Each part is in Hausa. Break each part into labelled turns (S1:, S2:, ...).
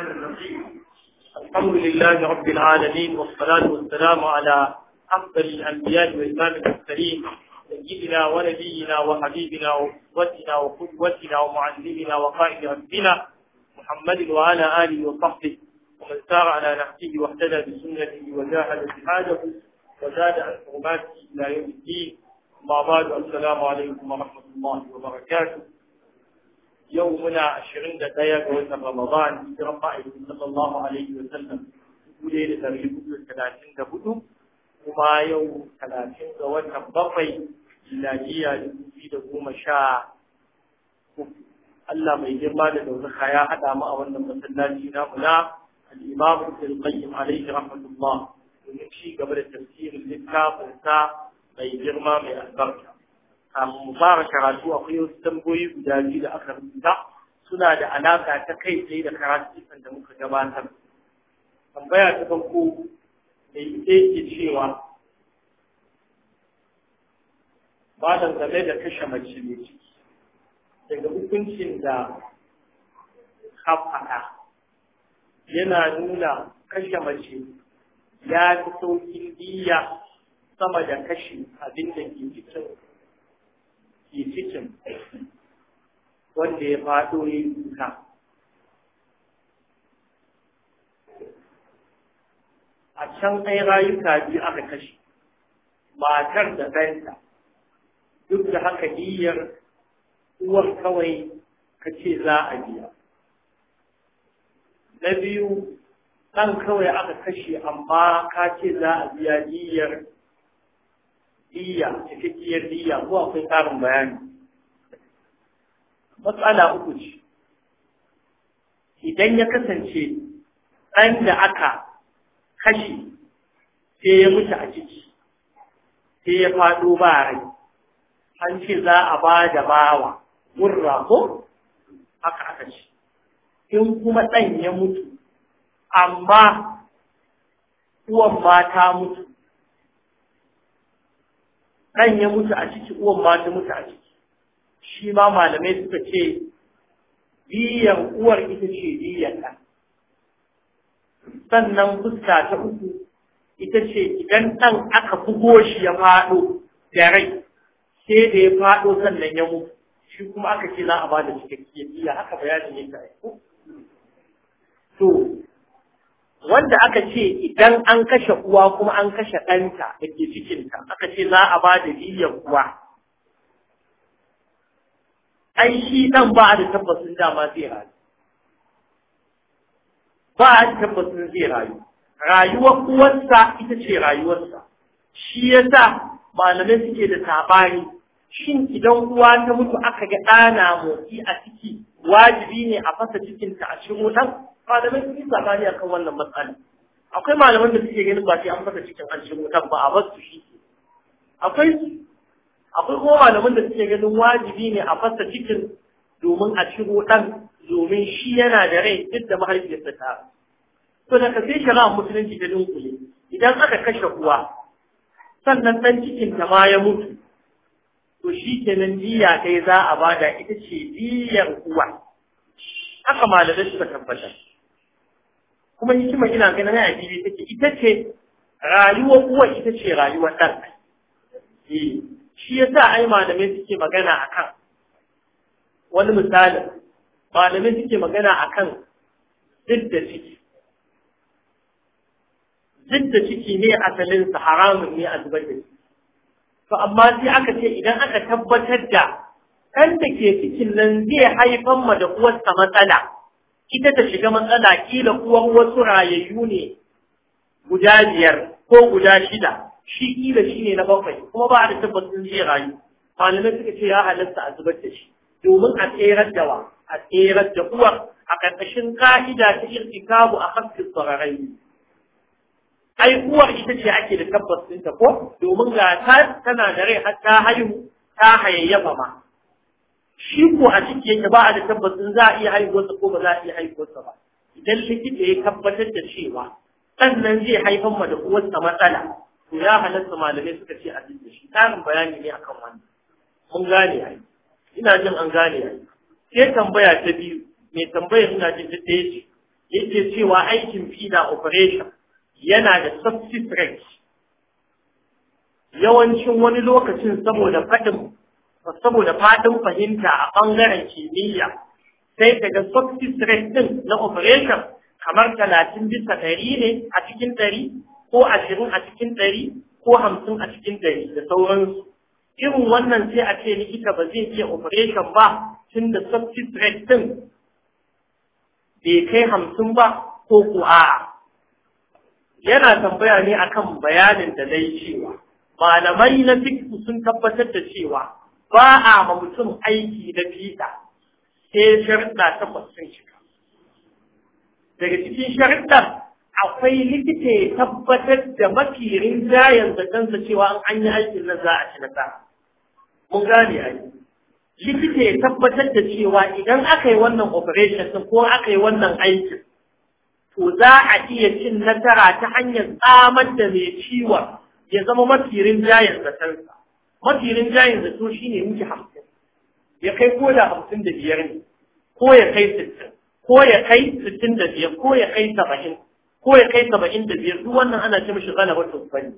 S1: الرحمن الرحيم
S2: الحمد لله رب العالمين والصلاة والسلام على أفضل الأنبياء وإمام المرسلين سيدنا ونبينا وحبيبنا وقدوتنا وقدوتنا ومعلمنا وقائد ربنا محمد وعلى آله وصحبه ومن سار على نهجه واهتدى بسنته وجاهد جهاده وزاد عن حرماته إلى يوم الدين أما بعد السلام عليكم ورحمة الله وبركاته yau muna ashirin da ɗaya ga watan Ramadan hijiran ma'aikin sallallahu alaihi wa sallam dubu ɗaya da ɗari hudu da talatin da hudu kuma yau talatin ga watan bakwai miladiya dubu biyu da goma sha Allah mai girma da ɗaukaka ya haɗa mu a wannan masallaci na a na al-Imam Ibn domin ci gaba da littafinsa mai girma mai albarka kafin mu fara karatu akwai wasu tambayoyi guda biyu da aka rubuta suna da alaka ta kai tsaye da karatun da muka gabatar tambaya ta farko da ita yake cewa ba da game da kashe mace mai ciki daga hukuncin da haɓaka yana nuna kashe mace ya fi sauƙin diya sama da kashe abin da ke cikin ke cikin wanda ya faɗo yi duka a can ɗaya rayuka biyu aka kashe matar da ɗanta duk da haka niyyar uwar kawai kace za a biya na biyu ɗan kawai aka kashe amma kace za a biya niyyar diya cikakkiyar diya ko akwai tsarin bayani matsala uku ce idan ya kasance ɗan da aka kashe sai ya mutu a ciki sai ya faɗo ba rai an ce za a ba da bawa murra ko haka aka ce in kuma ɗan ya mutu amma uwan mata mutu ɗan ya mutu a ciki uwan ma ta mutu a ciki shi ma malamai suka ce biyan uwar ita ce biyan ɗan sannan fuska ta uku ita ce idan ɗan aka bugo shi ya faɗo da rai sai da ya faɗo sannan ya mutu shi kuma aka ce za a ba da cikakkiyar biya haka bayanin yake aiko to wanda aka ce idan an kashe uwa kuma an kashe ɗanta da ke cikinta aka ce za a ba da jiyar uwa ai shi ɗan ba a da tabbasin dama zai rayu ba a da tabbasin zai rayu rayuwar uwarsa ita ce rayuwarsa shi ya sa malamai suke da tabari shin idan uwa ta mutu aka ga ɗana motsi a ciki wajibi ne a fasa cikinta a cikin wutar? malamai sun yi sabani kan wannan matsala akwai malaman da suke ganin ba sai an fasa cikin an shigo kan ba a bar su shi akwai akwai kuma malaman da suke ganin wajibi ne a fasa cikin domin a shigo dan domin shi yana da rai duk da mahaifiyarsa ta to da ka sai shari'a musulunci da dunkule idan aka kashe kuwa sannan dan cikin ta ma ya mutu to shi kenan diya kai za a bada ita ce diyar uwa haka malamai suka tabbatar kuma hikima ina ganin a ta ce ita ce rayuwar uwa ita ce rayuwar ɗan eh, shi ya sa ai malamai suke magana a kan wani misali malamai suke magana a kan duk da ciki duk da ciki ne asalinsa haramun ne a zubar da ciki to amma sai aka ce idan aka tabbatar da ɗan da ke cikin nan zai haifan ma da uwarsa matsala ita ta shiga matsala kila kuwan wasu rayayyu ne guda biyar ko guda shida shi kila shi ne na bakwai kuma ba da tabbacin zai rayu malamai suka ce ya halatta a zubar da shi domin a tserar da wa a tserar da uwar a ƙarƙashin ka'ida ta irtikabu a hakkin tsararrai ai uwar ita ce ake da tabbacin ta ko domin ga ta tana da rai har ta haihu ta hayayyafa ma shi ko a ciki yake ba a da tabbacin za a iya haihuwarsa ko ba za a iya haihuwarsa ba idan likita ya tabbatar da cewa sannan zai haifar ma da uwarsa matsala to ya halatta malamai suka ce a cikin shi tarin bayani ne akan wannan mun gane ai ina jin an gane ai sai tambaya ta biyu mai tambaya ina jin ta ɗaya ce yake cewa aikin fina operation yana da substitute yawancin wani lokacin saboda faɗin saboda fatan fahimta a ɓangaren kimiyya sai daga success rate na operation kamar talatin bisa ɗari ne a cikin ɗari ko ashirin a cikin ɗari ko hamsin a cikin ɗari da sauransu irin wannan sai a ce likita ba zai iya operation ba tun da success rate bai kai hamsin ba ko ko a'a yana tambaya ne akan bayanin da na yi cewa malamai na fiqh sun tabbatar da cewa ba a ma mutum aiki da fiɗa sai sharuɗa takwas sun shiga. Daga cikin sharuɗar akwai likita ya tabbatar da mafi rinjayen kansa cewa an yi aikin nan za a ci nasara. Mun gane a yi. Likita ya tabbatar da cewa idan aka yi wannan operation ɗin ko aka yi wannan aikin, to za a iya cin nasara ta hanyar tsamar da mai ciwon ya zama mafi rinjayen kansa? mafi rinjayen zato shi ne miki hamsin ya kai ko da hamsin da biyar ne ko ya kai sittin ko ya kai sittin da biyar ko ya kai saba'in ko ya kai saba'in da biyar duk wannan ana ce mishi zana wata bane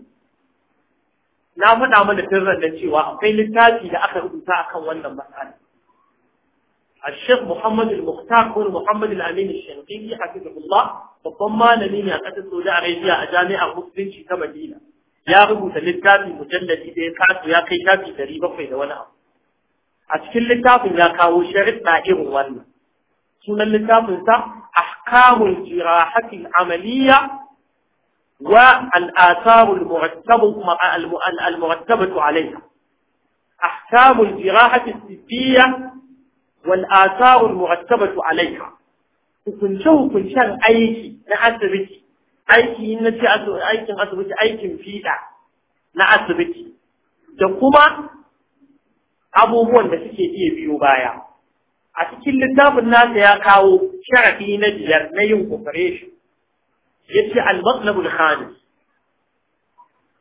S2: na faɗa mana sirran da cewa akwai littafi da aka rubuta akan wannan matsala الشيخ محمد المختار هو محمد الأمين الشنقيطي حفظه الله babban malami ne a ƙasar Saudi Arabia a jami'ar Musulunci ta Madina ya rubuta littafi mujalladi da ya kasu ya kai shafi dari bakwai da wani abu a cikin littafin ya kawo sharuɗa irin wannan sunan littafin sa ahkamul jirahati amaliya wa al'asaru al-murattabatu al-murattabatu alayha ahkamul jirahati tibbiya wal asaru al-murattabatu alayha hukunce hukuncen aiki na asibiti aiki na ce aikin asibiti aikin fiɗa na asibiti da kuma abubuwan da suke iya biyo baya a cikin littafin nasa ya kawo sharafi na biyar na yin operation yace al-matlabul khamis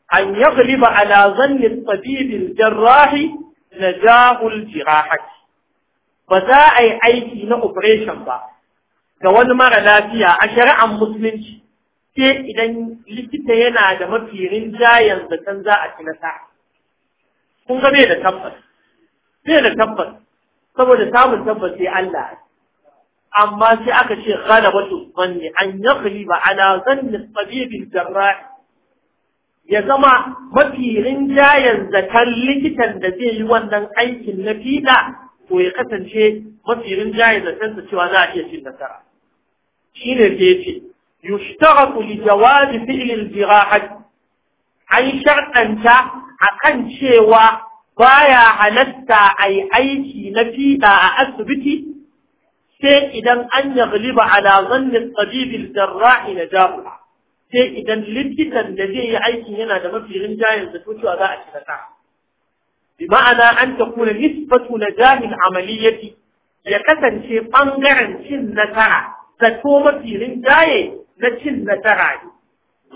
S2: an yi ala zanni at-tabib al-jarrah najah ba za a yi aiki na operation ba ga wani mara lafiya a shari'ar musulunci sai idan likita yana da mafi rinjayen zaton za a ci nasara kun ga bai da tabbas bai da tabbas saboda samun tabbas sai Allah amma sai aka ce ghalabatu manni an yi ba ana zanni tsabibin jarra'i ya zama mafi rinjayen kan likitan da zai yi wannan aikin na fiɗa ko ya kasance mafi rinjayen zakarsa cewa za a iya cin nasara shi ne da ya ce يشترط لجواز فعل الجراحة أي شرط أنت أكن شوى بايا هلستا أي أيتي لا أثبتي سي إذا أن يغلب على ظن الطبيب الجراح نجاحها سي إذن لتكا لديه أيتي هنا لما في غنجايا ستوتو أداء شرطا بمعنى أن تكون نسبة نجاح العملية يكسن شيطان فنجع شي النجاح ستوما في غنجايا na cin nasara ne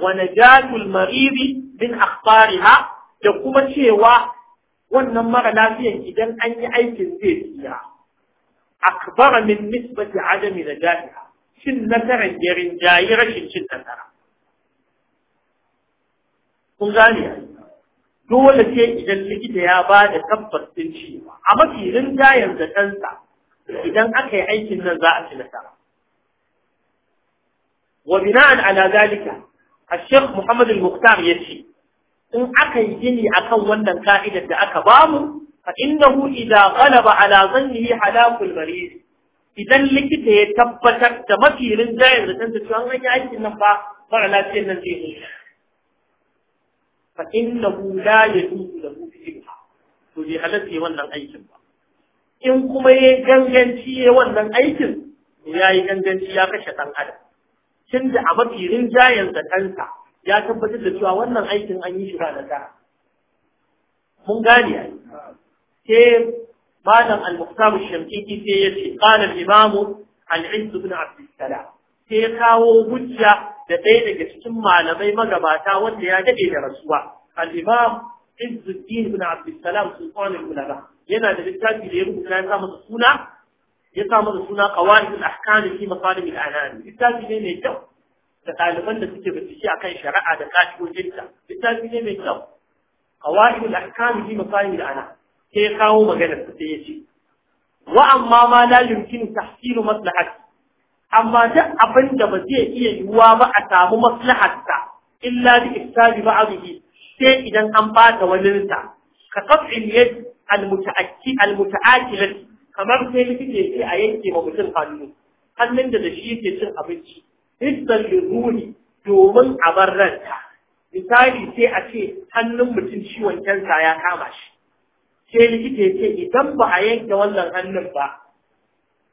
S2: wa najatul maridi min akhbariha da kuma cewa wannan mara lafiyan idan an yi aikin zai tsira akbara min nisbati adami najatiha cin nasaran ya rinjayi rashin cin nasara kun gane dole ce idan likita ya ba da tabbas cewa a mafi rinjayen da kansa idan aka yi aikin nan za a ci nasara وبناء على ذلك الشيخ محمد المختار يشي إن أكي جني أكونا كائدة أكبام فإنه إذا غلب على ظنه حلاف المريض idan likita ya tabbatar da mafi rinjayen da tantar cewa an aikin nan ba ba a lafiyar nan zai hulka fa inna hu ya tuku da hufi ilha to bai halatta wannan aikin in kuma ya ganganci ya wannan aikin ya yi ganganci ya kashe ɗan adam tun da a mafi rinjayen kansa ya tabbatar da cewa wannan aikin an yi shi ba nasara mun gane ai sai malam al-muqtam shamkiki ya ce qala imam al-izz bin abd salam ya kawo hujja da ɗaya daga cikin malamai magabata wanda ya dade da rasuwa al-imam izzuddin ibn abd salam sultan yana da littafi da ya rubuta ya sa masa suna ya sa masa suna qawaidul ahkam fi masalim al-anam littafi ne mai kyau da ɗaliban da suke bincike akan shari'a da ka'idojinta littafi ne mai kyau qawaidul ahkam fi masalim al-anam sai kawo maganar sai ya ce wa amma ma la yumkinu tahsilu maslahati amma da abin da ba zai iya yiwuwa ba a samu maslahatta illa bi ifsadi ba'dihi sai idan an bata wani rinta ka qat'il yad al-muta'akki al-muta'akilati kamar sai likita yake a yanke ma mutum hannu hannun da da shi yake cin abinci hibban lirruhi domin a bar ranta misali sai a ce hannun mutum ciwon kansa ya kama shi sai likita ya ce idan ba a yanke wannan hannun ba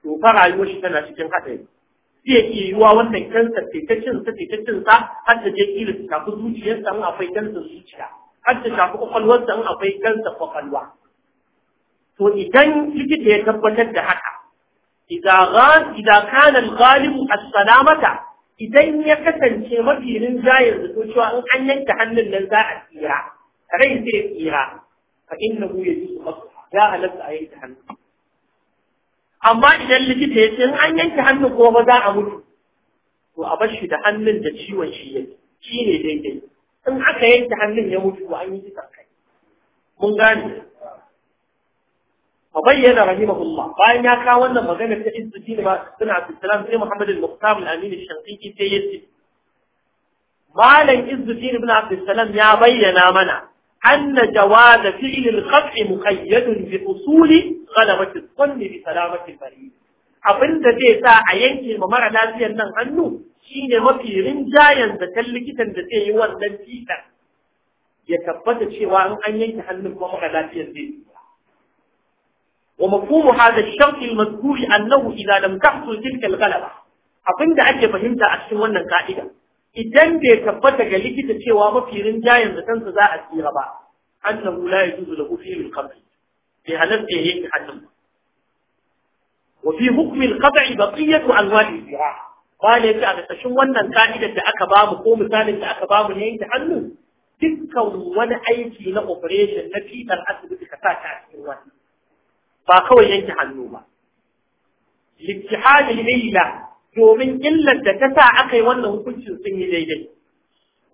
S2: to fa rayuwar shi tana cikin haɗari zai iya yiwuwa wannan kansa fitaccin sa fitaccin sa har ta je kila ta tafi zuciyarsa in akwai kansa zuciya har ta tafi kwakwalwarsa in akwai kansa kwakwalwa to idan likita ya tabbatar da haka idan kanan galibu a salamata idan ya kasance mafi rinjayen da cewa in an yanke hannun nan za a tsira rai zai tsira fa inna hu ya jisu masu ya halatta a yanke hannu amma idan likita ya ce in an yanke hannun ko ba za a mutu to a bar shi da hannun da ciwon shi yake shi ne daidai in aka yanka hannun ya mutu to an yi kisan kai mun gane فبين رحمه الله Bayan ya كان wannan magana ta istidil ba suna Abdulsalam sai Muhammad al-Muqtar al-Amin al-Shanqiti sai yace malan Izzuddin ibn Abdulsalam ya bayyana mana anna jawaz fi'l al-qat' muqayyad bi usul ghalabat al-qann bi salamat al-farid abinda zai sa a yanke ma mara lafiyar nan hannu shine mafi rinjayen da kan likitan da zai yi wannan fitar ya tabbata cewa in an yanke hannun kuma mara lafiyar zai ومفهوم هذا الشرط المذكور أنه إذا لم تحصل تلك الغلبة abinda ake fahimta a cikin wannan ka'ida idan bai tabbatar ga likita cewa mafi rinjayen zaton sa za a tsira ba annahu la yajuzu lahu fi'l al-qatl bi halatta yake hannun wa fi hukm al-qat'i baqiyatu anwa' al-zira qala yace a cikin wannan ka'idar da aka bamu ko misalin da aka bamu yanke hannu dukkan wani aiki na operation na fitar asibiti ba kawai yanke hannu ba littihadil illa domin illar da ta sa aka yi wannan hukuncin sun yi daidai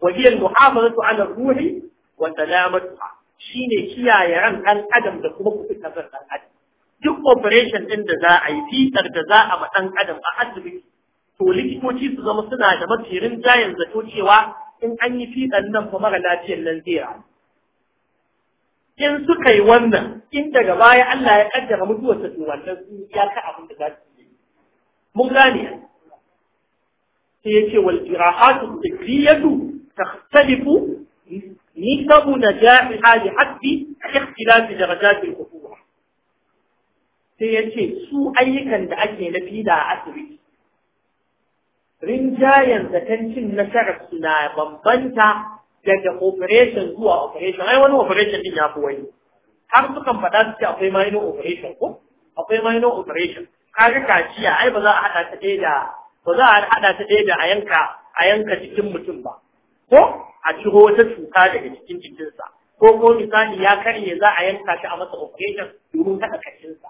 S2: wa hiya ana ala ruhi wa salamatuha shine kiyaye ran ɗan adam da kuma kuɓutar ran ɗan adam duk operation ɗin da za a yi fitar da za a ma ɗan adam a asibiti to likitoci su zama suna da mafirin jayin zato cewa in an yi fiɗan nan fa mara lafiyar nan zai rayu in suka yi wannan in daga baya Allah ya kaddara mutuwar su wannan su ya ka abin da za su yi mun gane sai yace wal jirahatu tikriyatu takhtalifu nisabu najahi hadi hadi ikhtilaf darajat al quwwa sai ce su ayyukan da ake na fida a asibiti rinjayen zakancin nasarar suna bambanta daga operation zuwa operation ai wani operation din ya fi wani har sukan faɗa su ce akwai minor operation ko akwai minor operation kaga kaciya ai ba za a haɗa ta ɗaya da ba za a haɗa ta ɗaya da a yanka a yanka jikin mutum ba ko a ciro wata cuta daga cikin jikinsa ko ko misali ya karye za a yanka shi a masa operation domin haɗa kashinsa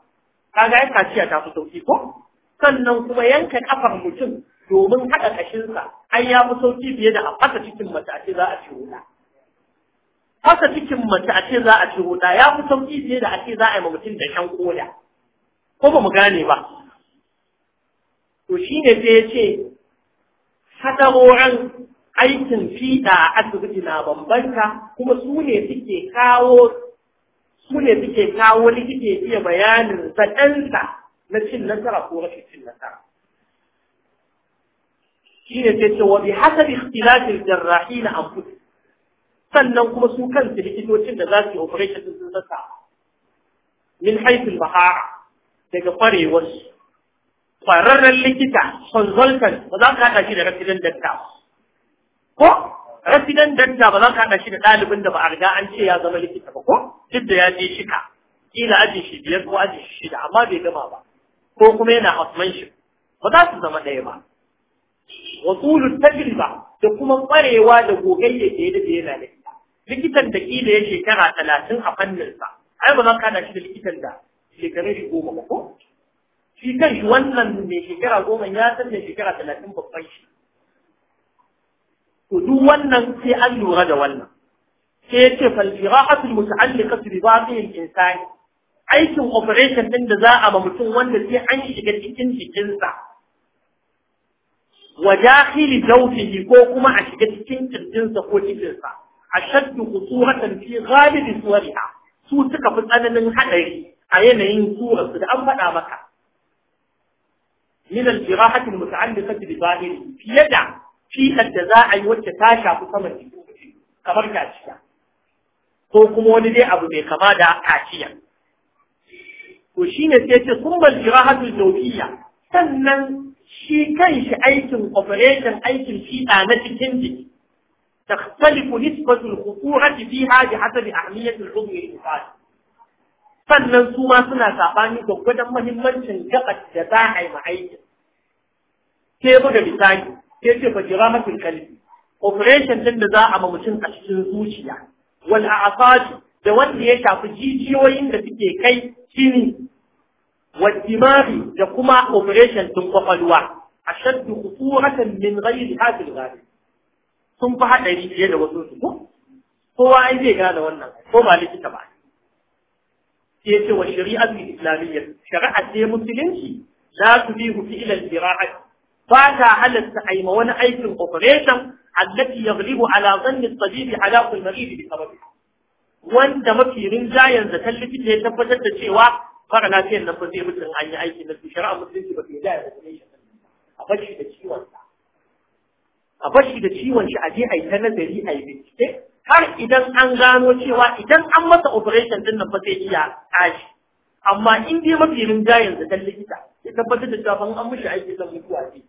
S2: ga ai kaciya ta fi sauki ko sannan kuma yanka kafar mutum domin haɗa ƙashinsa, an ya fi sauƙi fiye da a fasa cikin mace a ce za a ci wuta fasa cikin mace a ce za a ce wuta ya fi sauƙi fiye da a ce za a yi ma mutum da shan koda ko ba mu gane ba to shi ne sai ya ce hadarorin aikin fiɗa a asibiti na bambanta kuma su ne suke kawo su ne suke kawo likita ya bayanin zaɗensa na cin nasara ko rashin cin nasara shine sai ce wa bi hasabi ikhtilafil jarrahin anfusih sannan kuma su kansu likitocin da za su yi operation din sun sassa min haifin bahara daga kwarewarsu kwararren likita consultant ba za ka haɗa shi da resident doctor ko resident doctor ba za ka haɗa shi da ɗalibin da ba a riga an ce ya zama likita ba ko duk da ya je shika kila aji shi biyar ko aji shi shida amma bai gama ba ko kuma yana osmanship ba za su zama ɗaya ba wasulul tajriba da kuma ƙwarewa da gogayya da ya dace yana da likitan da kila ya shekara talatin a fannin sa ai ba zan kada likitan da shekarun shi goma ba ko shi kan shi wannan mai shekara goma ya san da shekara talatin babban shi to wannan sai an lura da wannan sai ya ce falfira'atul muta'alliqatu bi baqiyil insani aikin operation ɗin da za a ba mutum wanda sai an shiga cikin jikinsa wa dakhili zawjihi ko kuma a shiga cikin kirjinsa ko cikinsa ashaddu khusuratan fi ghalibi suwariha su suka fi tsananin hadari a yanayin su da an faɗa maka min al-jirahati al-muta'alliqati bi zahiri fiye da fitar da za a yi wacce ta shafi saman jiki kamar kaciya ko kuma wani dai abu mai kama da kaciya to shine sai ce sumbal jirahatu zawjiyya sannan shi shi aikin operation aikin fiɗa na cikin jiki تختلف نسبة الخطورة فيها بحسب أهمية العضو الإنساني sannan su ma suna saɓani gwaggwadon mahimmancin gaɓar da za a yi ma'aikin. Sai buga misali, sai ce fa jira mafin kalbi, operation ɗin da za a ma mutum a cikin zuciya, wal a'asati da wanda ya shafi jijiyoyin da suke kai shine, wa da kuma operation ɗin kwakwalwa. ashaddu khuturatan min ghairi hadha al-ghalib sun fi haɗari fiye da wasu su ko kowa an zai gane wannan ko ba likita ba sai ce wa shari'atu islamiyya shari'a ce musulunci za la tubihu fi ila al-jira'at ba ta halatta ma wani aikin operation allati yaghlibu ala dhanni at-tabibi ala kulli marid bi sababi wanda mafi rinjayen zaton likita ya tabbatar da cewa fara lafiyar nan ba zai mutu an yi aiki na shari'a musulunci ba ke yi da ya a bashi da ciwon sa a bashi da ciwon shi a je a yi ta nazari a yi bincike har idan an gano cewa idan an masa operation din nan ba zai iya tashi amma in dai mafi rinjayen da dan likita ya tabbatar da cewa an mishi aiki zan mutuwa ce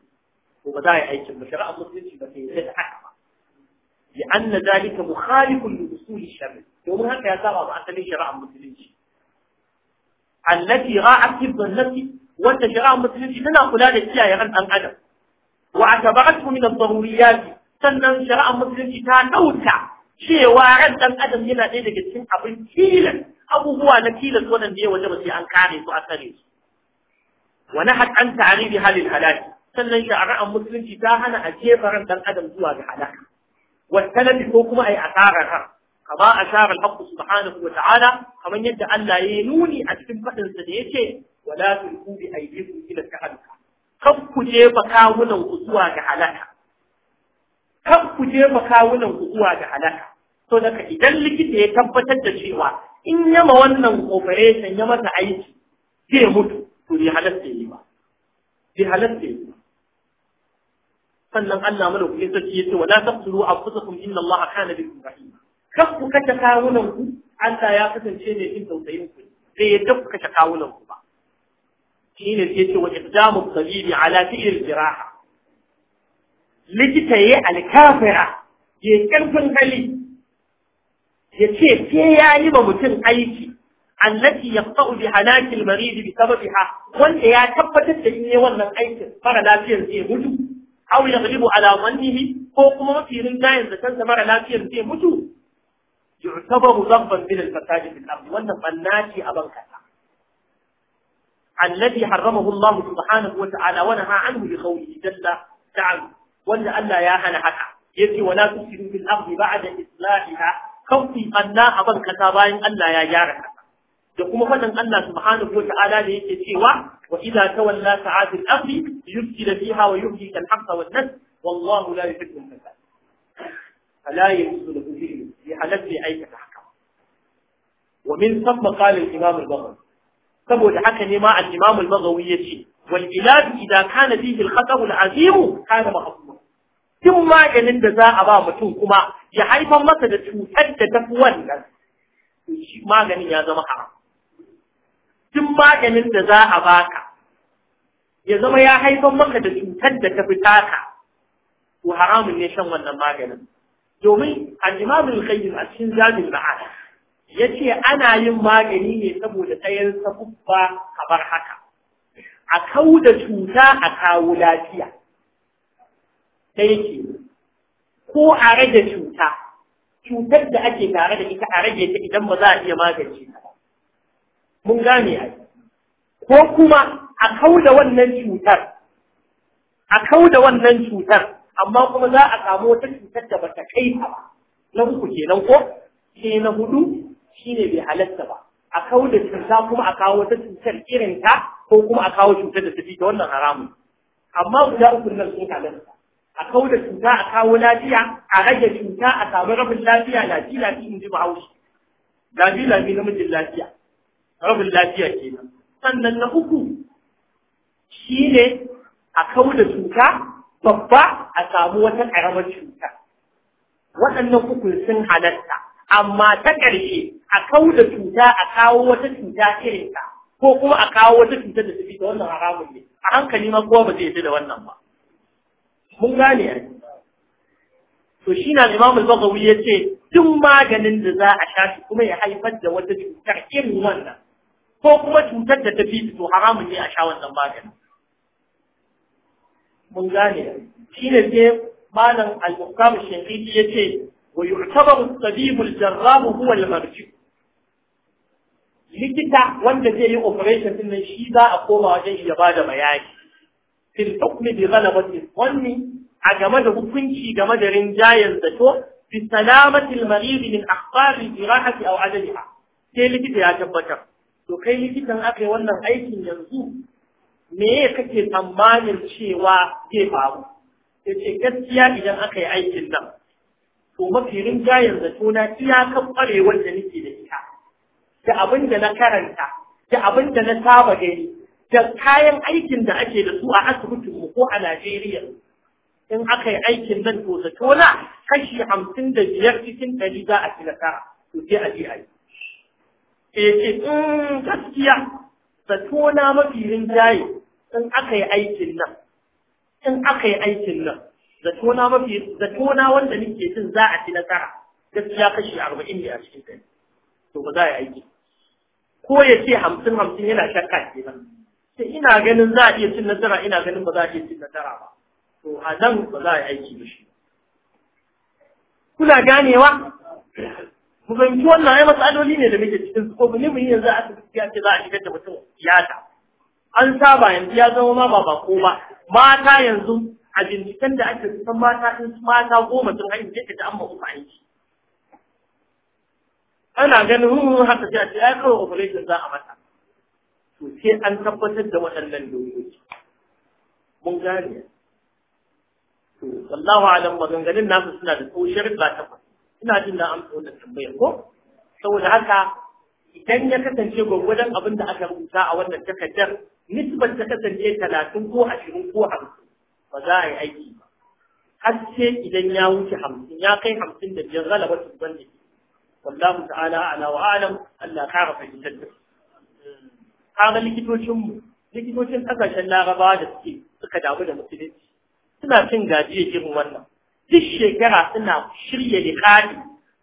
S2: to ba za a yi aikin ba shari'a musulunci ba sai ya haka ba bi anna zalika mukhalifun li usuli shari'a domin haka ya saba ba asalin shari'a musulunci allati ra'at ibn nafsi wanda shari'a musulunci tana kula da kiyaye ran ɗan adam wa atabaratu min ad-daruriyat sannan shari'a musulunci ta dauka cewa ran ɗan adam yana ɗaya daga cikin abin tilas abubuwa na tilas waɗanda ya wajaba sai an kare su a tsare su wa nahat an ta'ribi halil halaki sannan shari'ar musulunci ta hana a jefa ran ɗan adam zuwa ga halaka والسلب ko kuma ai asararha kama asara al-haqq subhanahu wa ta'ala kaman yadda Allah ya nuni a cikin fadin sa da yace wala tulku bi aydikum ila tahalluka kan ku jefa kawunan ku zuwa ga halaka kan ku jefa kawunan ku zuwa ga halaka to daga idan likita ya tabbatar da cewa in yama wannan operation ya masa aiki zai mutu to bai halatta yi ba bai halatta yi ba sannan Allah mana ku yasa ce yace wala taqtulu anfusakum inna Allah kana bikum rahima Kan ku kace kawunan ku Allah ya kasance ne jin tausayin ku sai ya ku kace kawunan ku ba shine sai ce wa iqdamu tabibi ala fi'il jiraha likita yayi alkafira ya karfin hali ya ce sai ya yi ma mutum aiki allati yaqta'u bi halakil marid bi sababiha wanda ya tabbatar da in yi wannan aikin fara lafiyar sai mutu aw yaghlibu ala dhannihi ko kuma mafirin dayan da kansa mara lafiyar sai mutu yu'tabaru dhanban min al-fasad fil ard wannan bannaci a banka الذي حرمه الله سبحانه وتعالى ونهى عنه بقوله جل تعالى وان الله يا هنا حكا يجي ولا تفسدوا في الارض بعد اصلاحها كوفي ان ابن كتا باين الله يا جارك da kuma faɗin Allah subhanahu wa ta'ala da yake cewa wa idza tawalla sa'at al-afi yufsida fiha wa yuhyi al-haqqa wan nas wallahu la yuhibbu al-fasad fala yusul fihi bi halatti aikata haka wa min thumma qala al-imam al-baghawi saboda haka ne ma al-imam al-maghawi yace wal ilad idza kana fihi al-khatar al-azim kana mahfuz Kin maganin da za a ba mutum kuma ya haifar masa da cutar da tafi wannan maganin ya zama haram Kin maganin da za a baka ya zama ya haifar maka da cutar da tafi taka to haramun ne shan wannan maganin domin al-imam qayyim a cikin zabil ma'ad ya ce ana yin magani ne saboda tsayin sabubba kamar haka a kawo da cuta a kawo lafiya Ta yake ko a rage cuta cutar da ake tare da ita a rage ta idan ba za a iya magance ta mun gane a ko kuma a kawo da wannan cutar a kawo da wannan cutar amma kuma za a samu wata cutar da ba ta kai ta ba na uku nan ko ke na hudu shine bai halatta ba a kawo da cuta kuma a kawo wata cutar irin ta ko kuma a kawo cutar da tafi ta wannan haramun amma guda uku nan sun halatta a kawo da cuta a kawo lafiya a rage cuta a samu rabin lafiya lafi lafi in ji bahaushe lafi lafi namijin lafiya rabin lafiya kenan sannan na uku shine a kawo da cuta babba a samu wata ƙaramar cuta waɗannan uku sun halatta amma ta ƙarshe a kawo da cuta a kawo wata cuta irin ta ko kuma a kawo wata cuta da tafi da wannan haramun ne a hankali ma kowa ba zai yi da wannan ba mun gane ai to shi na Imam al ya ce, duk maganin da za a sha shi kuma ya haifar da wata cuta irin wannan ko kuma cutar da tafi to haramun ne a sha wannan maganin mun gane shi ne sai malam al-Bukhari ya ce. ويعتبر الطبيب الجراب هو المرجع likita wanda zai yi operation din shi za a koma wajen ya ba da bayani fil hukmi bi ghalabati dhanni a game da hukunci game da rinjayar zato bi salamati al marid min akhbar al jirahati sai likita ya tabbatar to kai likitan aka yi wannan aikin yanzu me kake tsammanin cewa zai faru sai gaskiya idan aka yi aikin nan to mafi rinjayen zato iyakan ƙwarewar da nake da ita da abin da na karanta da abin da na saba gani da kayan aikin da ake da su a asibitin mu ko a Najeriya in aka yi aikin nan to zato na kashi hamsin da biyar cikin ɗari za a ci nasara to sai a je a yi. ce eh, in eh, mm, gaskiya zato na mafi rinjaye in aka yi aikin nan in aka yi aikin nan zatona mafi zatona wanda nake jin za a ci nasara gaskiya kashi arba'in ne a cikin ɗari to ba za a yi aiki ko ya ce hamsin hamsin yana shakka ba. sai ina ganin za a iya cin nasara ina ganin ba za a iya cin nasara ba to a nan ba za a yi aiki ba shi kuna ganewa mu fahimci wannan ai matsaloli ne da muke cikin su ko ba ne mu yanzu a gaskiya ce za a shigar da mutum tiyata an saba yanzu ya zama ma ba ba ko ba mata yanzu a binciken da ake kusan mata in mata goma sun haihu sai ta amma uku aiki ana ganin hun haka sai a ce ai kawai operation za a mata to sai an tabbatar da waɗannan dokoki mun gane to wallahu alam maganganun nasu suna da tsoshiyar ba tabbas ina jin na amsa wannan tambayar ko saboda haka idan ya kasance gwagwadon abin da aka rubuta a wannan takardar nisbar ta kasance talatin ko ashirin ko hamsin ba za a yi aiki ba haske idan ya wuce hamsin ya kai hamsin da biyar galaba su zanne wallahu ta'ala ala wa alam Allah kara fahimtar da kaga likitocin mu likitocin kasashen larabawa da suke suka damu da musulunci suna cin gajiya irin wannan duk shekara suna shirya liƙari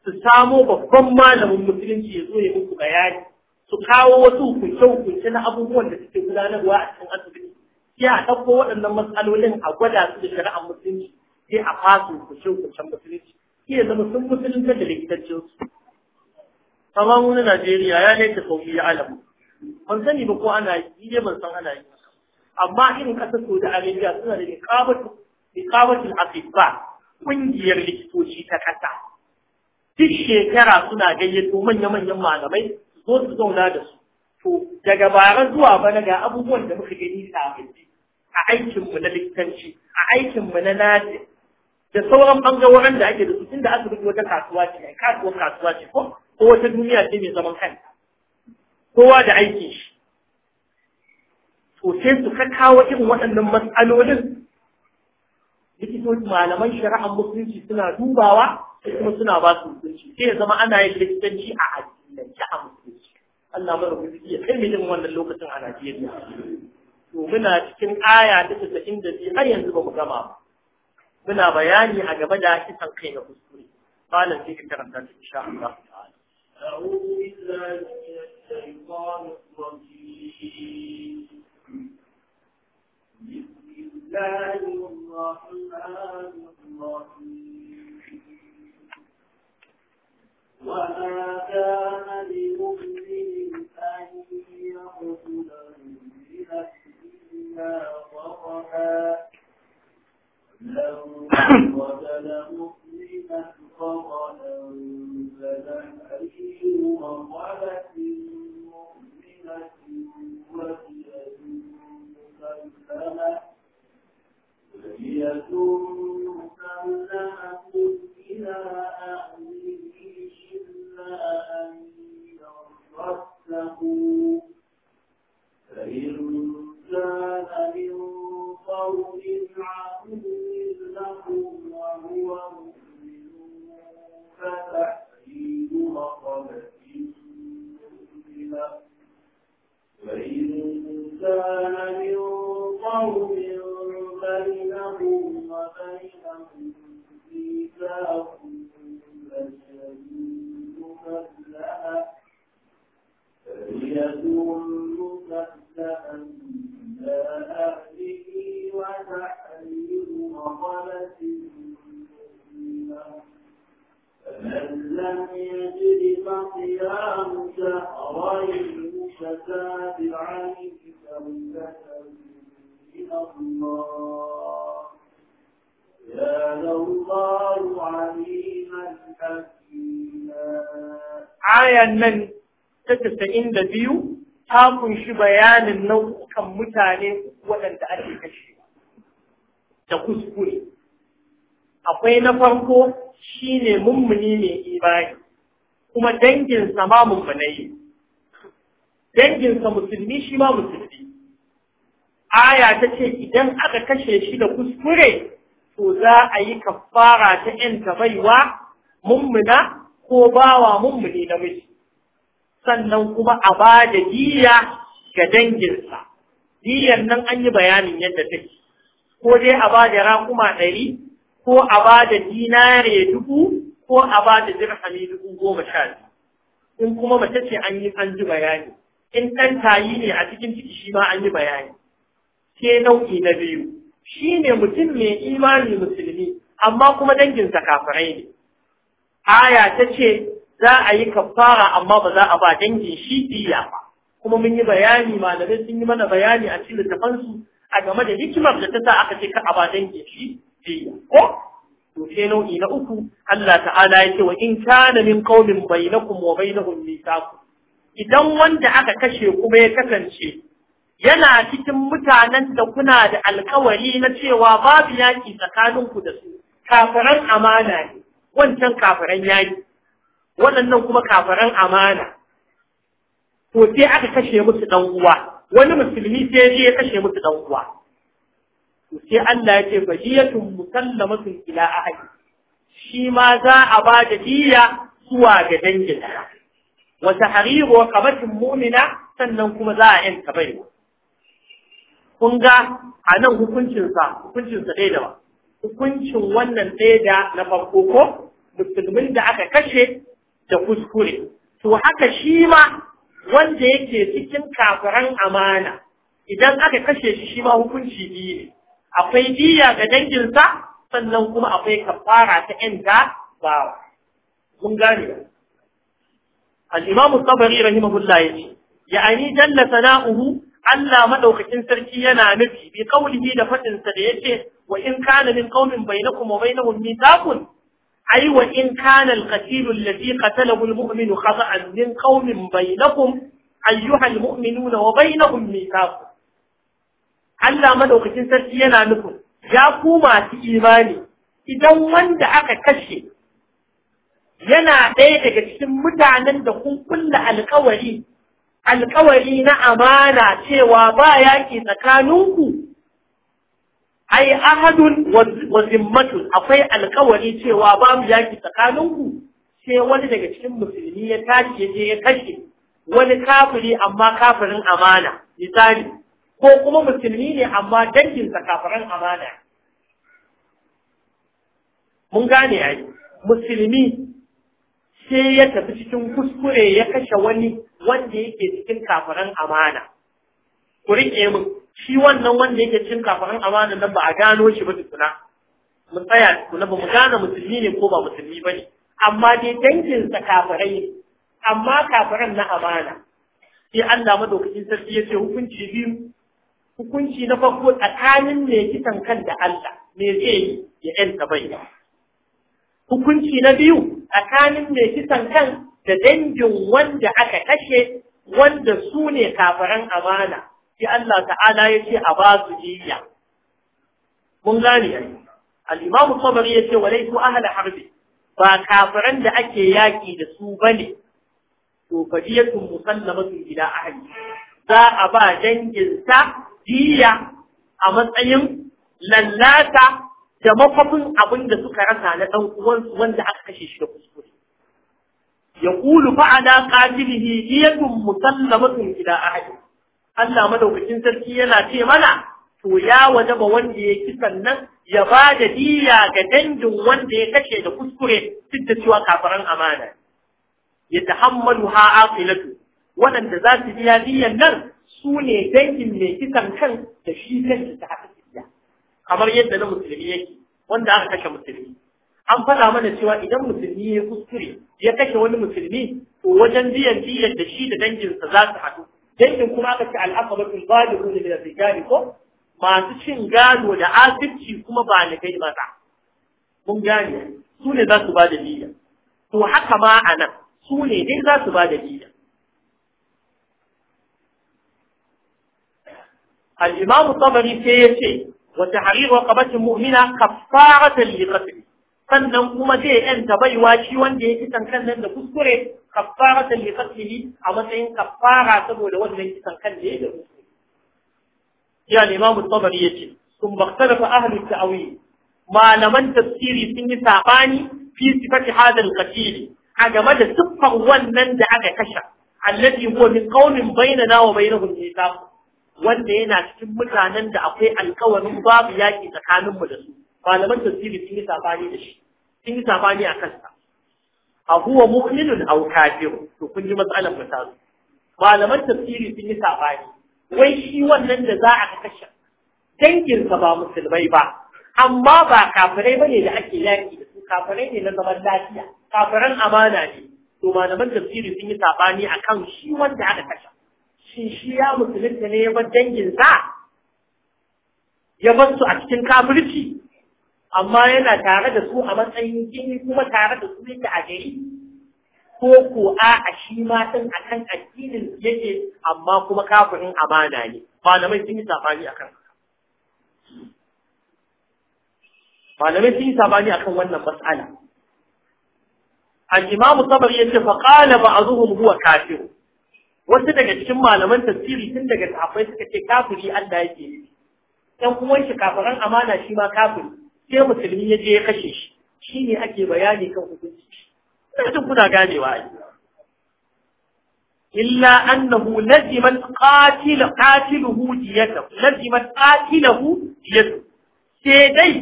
S2: su samo babban malamin musulunci ya zo ya muku bayani su kawo wasu hukunce-hukunce na abubuwan da suke gudanarwa a cikin asibiti sai a ɗauko waɗannan matsalolin a gwada su da shari'ar musulunci sai a fasu ku can musulunci iya zama sun musulunta da likitaccen su kamar wani Najeriya ya ta sauki ya alamu ban sani ba ko ana yi ne ban san ana yi amma irin ƙasar Saudi Arabia suna da iqabatu iqabatul ƙungiyar likitoci ta ƙasa duk shekara suna gayyato manya-manyan malamai su zo su zauna da su to daga bara zuwa bana ga abubuwan da muka gani sababbi a aikinmu na likitanci a aikinmu na nadi da sauran bangarorin da ake da su tunda asibiti wata kasuwa ce kasuwar kasuwa ce ko ko wata duniya ce mai zaman kanta kowa da aikin shi to sai su kawo irin waɗannan matsalolin likitoci malaman shari'ar musulunci suna dubawa kuma suna ba su musulunci sai ya zama ana yin likitanci a addinance a musulunci Allah mara ya kai mu irin wannan lokacin a Najeriya to muna cikin aya ta tasa'in da biyu har yanzu ba mu gama ba muna bayani a gaba da kisan kai na kuskure malam sai ka karanta ta insha Allah
S1: ta'ala أعوذ بالله من الشيطان الرجيم بسم الله الرحمن الرحيم
S2: samun shi bayanin nau'ukan mutane waɗanda ake kashe da kuskure akwai na farko shi ne mummuni mai imani kuma danginsa ma mummunai danginsa musulmi shi ma musulmi aya ta ce idan aka kashe shi da kuskure to za a yi kafara ta ‘yan baiwa mummuna ko bawa mummuni namiji sannan kuma a ba da diya ga danginsa diyan nan an yi bayanin yadda take ko dai a ba da raƙuma ɗari ko a ba da dinare dubu ko a ba da dirhami dubu goma sha in kuma mace ce an yi an ji bayani in ɗan tayi ne a cikin ciki shi ma an yi bayani Ke nau'i na biyu shi ne mutum mai imani musulmi amma kuma danginsa kafirai ne aya ta ce za a yi kafara amma ba za a ba dangin shi diya ba kuma mun yi bayani malamai sun yi mana bayani a cikin littafansu a game da hikimar da ta sa aka ce ka a ba dangin shi diya ko to sai nau'i na uku Allah ta'ala ya ce wa in kana min qaumin bainakum wa bainahum mithaq idan wanda aka kashe kuma ya kasance yana cikin mutanen da kuna da alkawari na cewa babu yaki tsakaninku da su kafiran amana ne wancan kafiran yaki waɗannan kuma kafaran amana to sai aka kashe musu dan uwa wani musulmi sai ya kashe musu dan uwa to sai Allah ya ce fajiyatun musallamatun ila ahli shi ma za a ba da diya zuwa ga dangin wa tahriru qabatin mu'mina sannan kuma za a yanka bai kun ga a nan hukuncinsa hukuncinsa dai da ba hukuncin wannan ɗaya da na farko ko musulmin da aka kashe da kuskure to haka shi ma wanda yake cikin kafiran amana idan aka kashe shi shi ma hukunci biyu ne akwai diya ga danginsa sannan kuma akwai kafara ta ƴanta bawa mun gane al-imam tabari ya ce, ya'ani jalla sana'uhu Allah maɗaukakin sarki yana nufi bi qaulihi da faɗinsa da da ce, wa in kana min qaumin bainakum wa bainahum mithaqun أي وإن كان القتيل الذي قتله المؤمن خطأ من قوم بينكم أيها المؤمنون وبينهم ميثاق Allah madaukakin sarki yana nufin ya ku masu imani idan wanda aka kashe yana ɗaya daga cikin mutanen da kun kulla alkawari alkawari na amana cewa ba yaƙi tsakaninku ai ahadun wa zimmatun akwai alkawari cewa ba mu yaki tsakaninku sai wani daga cikin musulmi ya tashi ya je ya kashe wani kafiri amma kafirin amana misali ko kuma musulmi ne amma sa kafirin amana mun gane ai musulmi sai ya tafi cikin kuskure ya kashe wani wanda yake cikin kafirin amana ku riƙe min shi wannan wanda yake cin kafarin amana nan ba a gano shi ba tukuna mu tsaya tukuna ba mu gane musulmi ne ko ba musulmi ba ne amma dai danginsa kafarai amma kafaran na amana sai Allah madaukakin sarki ya ce hukunci biyu hukunci na farko tsakanin mai kisan kan da Allah me zai yi ya ‘yanta bai Hukunci na biyu tsakanin mai kisan kan da dangin wanda aka kashe wanda su ne kafaran amana sai Allah ta'ala ya ce a ba su jiya mun gane ai al-imamu sabari ya ce walaitu ahli harbi ba kafiran da ake yaki da su bane to fadiyatun musallamatu ila ahli za a ba sa jiya a matsayin lallata da makwafin abin da suka rasa na ɗan uwansu wanda aka kashe shi da kuskure. Ya ƙulu fa'ada ƙatilihi diyatun musallamatun ila ahli. Allah madaukakin sarki yana ce mana to ya wajaba wanda ya kisan nan ya ba da diya ga dangin wanda ya kashe da kuskure duk da cewa kafiran amana ya tahammalu ha aqilatu waɗanda za su biya diyan nan su ne dangin mai kisan kan da shi kansa ta haka diya kamar yadda na musulmi yake wanda aka kashe musulmi an faɗa mana cewa idan musulmi ya kuskure ya kashe wani musulmi to wajen biyan diyan da shi da danginsa za su haɗu dangin kuma aka ce al'asabatul zalihu ne da rijali ko masu cin gado da asibci kuma ba ni kai maza mun su ne za su ba da diya to haka ma a nan su ne dai za su ba da diya al-imamu tabari sai ya ce wa tahrir raqabatin mu'mina kafaratan li qatl sannan kuma zai yanta baiwa shi wanda ya kisan kan nan da kuskure kafara ta li qatlihi a matsayin kafara saboda wannan kisan kan da ya da kuskure ya al-imam tabari yace sun bakhtalafa ahli ta'wil malaman tafsiri sun yi sabani fi sifati hadha qatil a game da siffar wannan da aka kashe allati huwa min qaumin bainana wa bainahum mithaq wanda yana cikin mutanen da akwai alkawarin babu yaki tsakaninmu da su malaman tafsiri sun yi safani da shi sun yi safani a kansa a huwa mu'minun aw kafir to kun ji matsalar misali malaman tafsiri sun yi safani. wai shi wannan da za a kashe danginsa ba musulmai ba amma ba kafirai bane da ake yaki da su kafirai ne na zaman lafiya kafiran amana ne to malaman tafsiri sun yi sabani akan shi wanda aka kashe shin shi ya musulunta ne ya bar danginsa ya bar su a cikin kafirci amma yana tare da su a matsayin jini kuma tare da su yake a gari ko ko a a shi ma a kan addinin yake amma kuma kafirin amana ne malamai sun yi sabani akan malamai sun yi sabani akan wannan matsala al-imamu sabari yace fa qala ba'dhum huwa kafir wasu daga cikin malaman tafsiri tun daga sahabbai suka ce kafiri Allah yake yan dan kuma shi kafiran amana shi ma kafiri sai musulmi ya je ya kashe shi shi ne ake bayani kan hukunci ina jin kuna ganewa ai illa annahu laziman qatil qatiluhu diyata laziman qatiluhu diyata sai dai